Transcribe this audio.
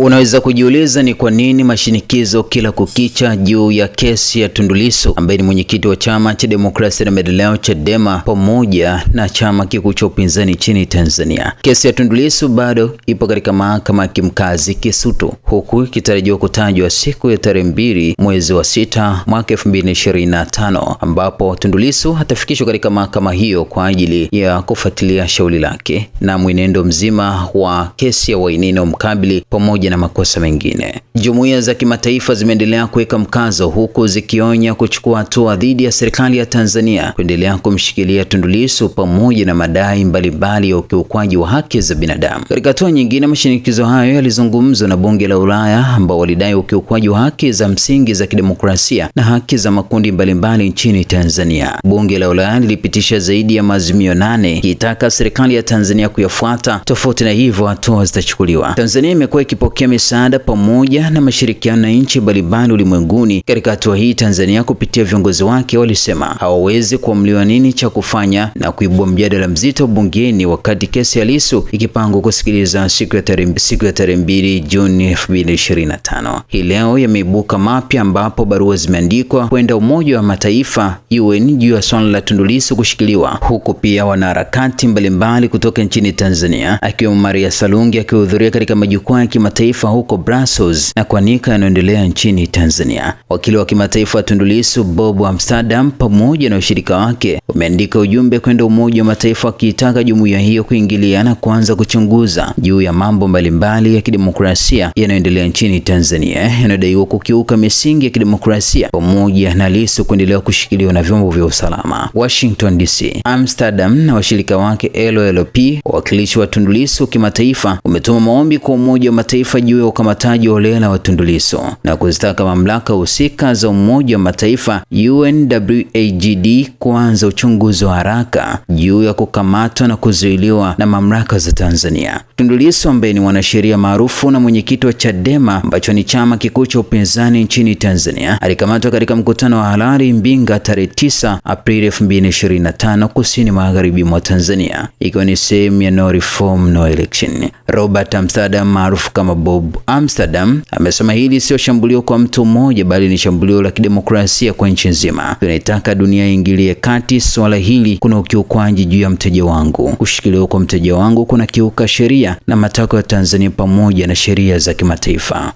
Unaweza kujiuliza ni kwa nini mashinikizo kila kukicha juu ya kesi ya Tundu Lissu ambaye ni mwenyekiti wa chama cha demokrasia na maendeleo Chadema pamoja na chama kikuu cha upinzani nchini Tanzania. Kesi ya Tundu Lissu bado ipo katika mahakama ya kimkazi Kisutu, huku ikitarajiwa kutajwa siku ya tarehe mbili mwezi wa sita mwaka 2025 ambapo Tundu Lissu hatafikishwa katika mahakama hiyo kwa ajili ya kufuatilia shauri lake na mwenendo mzima wa kesi ya wainino mkabili pamoja pamoja na makosa mengine. Jumuiya za kimataifa zimeendelea kuweka mkazo, huku zikionya kuchukua hatua dhidi ya serikali ya Tanzania kuendelea kumshikilia Tundu Lissu pamoja na madai mbalimbali ya ukiukwaji wa haki za binadamu. Katika hatua nyingine, mashinikizo hayo yalizungumzwa na bunge la Ulaya ambao walidai ukiukwaji wa haki za msingi za kidemokrasia na haki za makundi mbalimbali nchini Tanzania. Bunge la Ulaya lilipitisha zaidi ya maazimio nane kiitaka serikali ya Tanzania kuyafuata, tofauti na hivyo hatua zitachukuliwa. Tanzania imekuwa ikipokea kupokea misaada pamoja na mashirikiano na nchi mbalimbali ulimwenguni. Katika hatua hii, Tanzania kupitia viongozi wake walisema hawawezi kuamliwa nini cha kufanya na kuibua mjadala mzito bungeni wakati kesi ya Lissu ikipangwa kusikiliza siku ya tarehe siku ya tarehe mbili Juni 2025. Hii leo yameibuka mapya ambapo barua zimeandikwa kwenda Umoja wa Mataifa UN juu ya swala la Tundu Lissu kushikiliwa, huku pia wanaharakati mbalimbali kutoka nchini Tanzania akiwemo Maria Salungi akihudhuria katika majukwaa ya kimataifa kimataifa huko Brussels na kwa nika yanayoendelea nchini Tanzania. Wakili wa kimataifa Tundu Lissu Bob Amsterdam pamoja na ushirika wake umeandika ujumbe kwenda Umoja wa Mataifa wakiitaka jumuiya hiyo kuingilia na kuanza kuchunguza juu ya mambo mbalimbali ya kidemokrasia yanayoendelea nchini Tanzania yanayodaiwa kukiuka misingi ya kidemokrasia pamoja na Lissu kuendelea kushikiliwa na vyombo vya usalama. Washington DC. Amsterdam na washirika wake LLP wawakilishi wa Tundu Lissu kimataifa umetuma maombi kwa Umoja wa Mataifa juu ya ukamataji holela wa Tundu Lissu na kuzitaka mamlaka husika za Umoja wa Mataifa UNWAGD kuanza uchunguzi wa haraka juu ya kukamatwa na kuzuiliwa na mamlaka za Tanzania. Tundu Lissu ambaye ni mwanasheria maarufu na mwenyekiti wa Chadema ambacho ni chama kikuu cha upinzani nchini Tanzania alikamatwa katika mkutano wa halali Mbinga tarehe 9 Aprili 2025 kusini magharibi mwa Tanzania ikiwa ni sehemu ya no reform no election. Robert Amsterdam maarufu kama Bob Amsterdam amesema hili sio shambulio kwa mtu mmoja, bali ni shambulio la kidemokrasia kwa nchi nzima. Tunaitaka dunia iingilie kati swala hili. Kuna ukiukwaji juu ya mteja wangu, kushikiliwa kwa mteja wangu kuna kiuka sheria na matakwa ya Tanzania pamoja na sheria za kimataifa.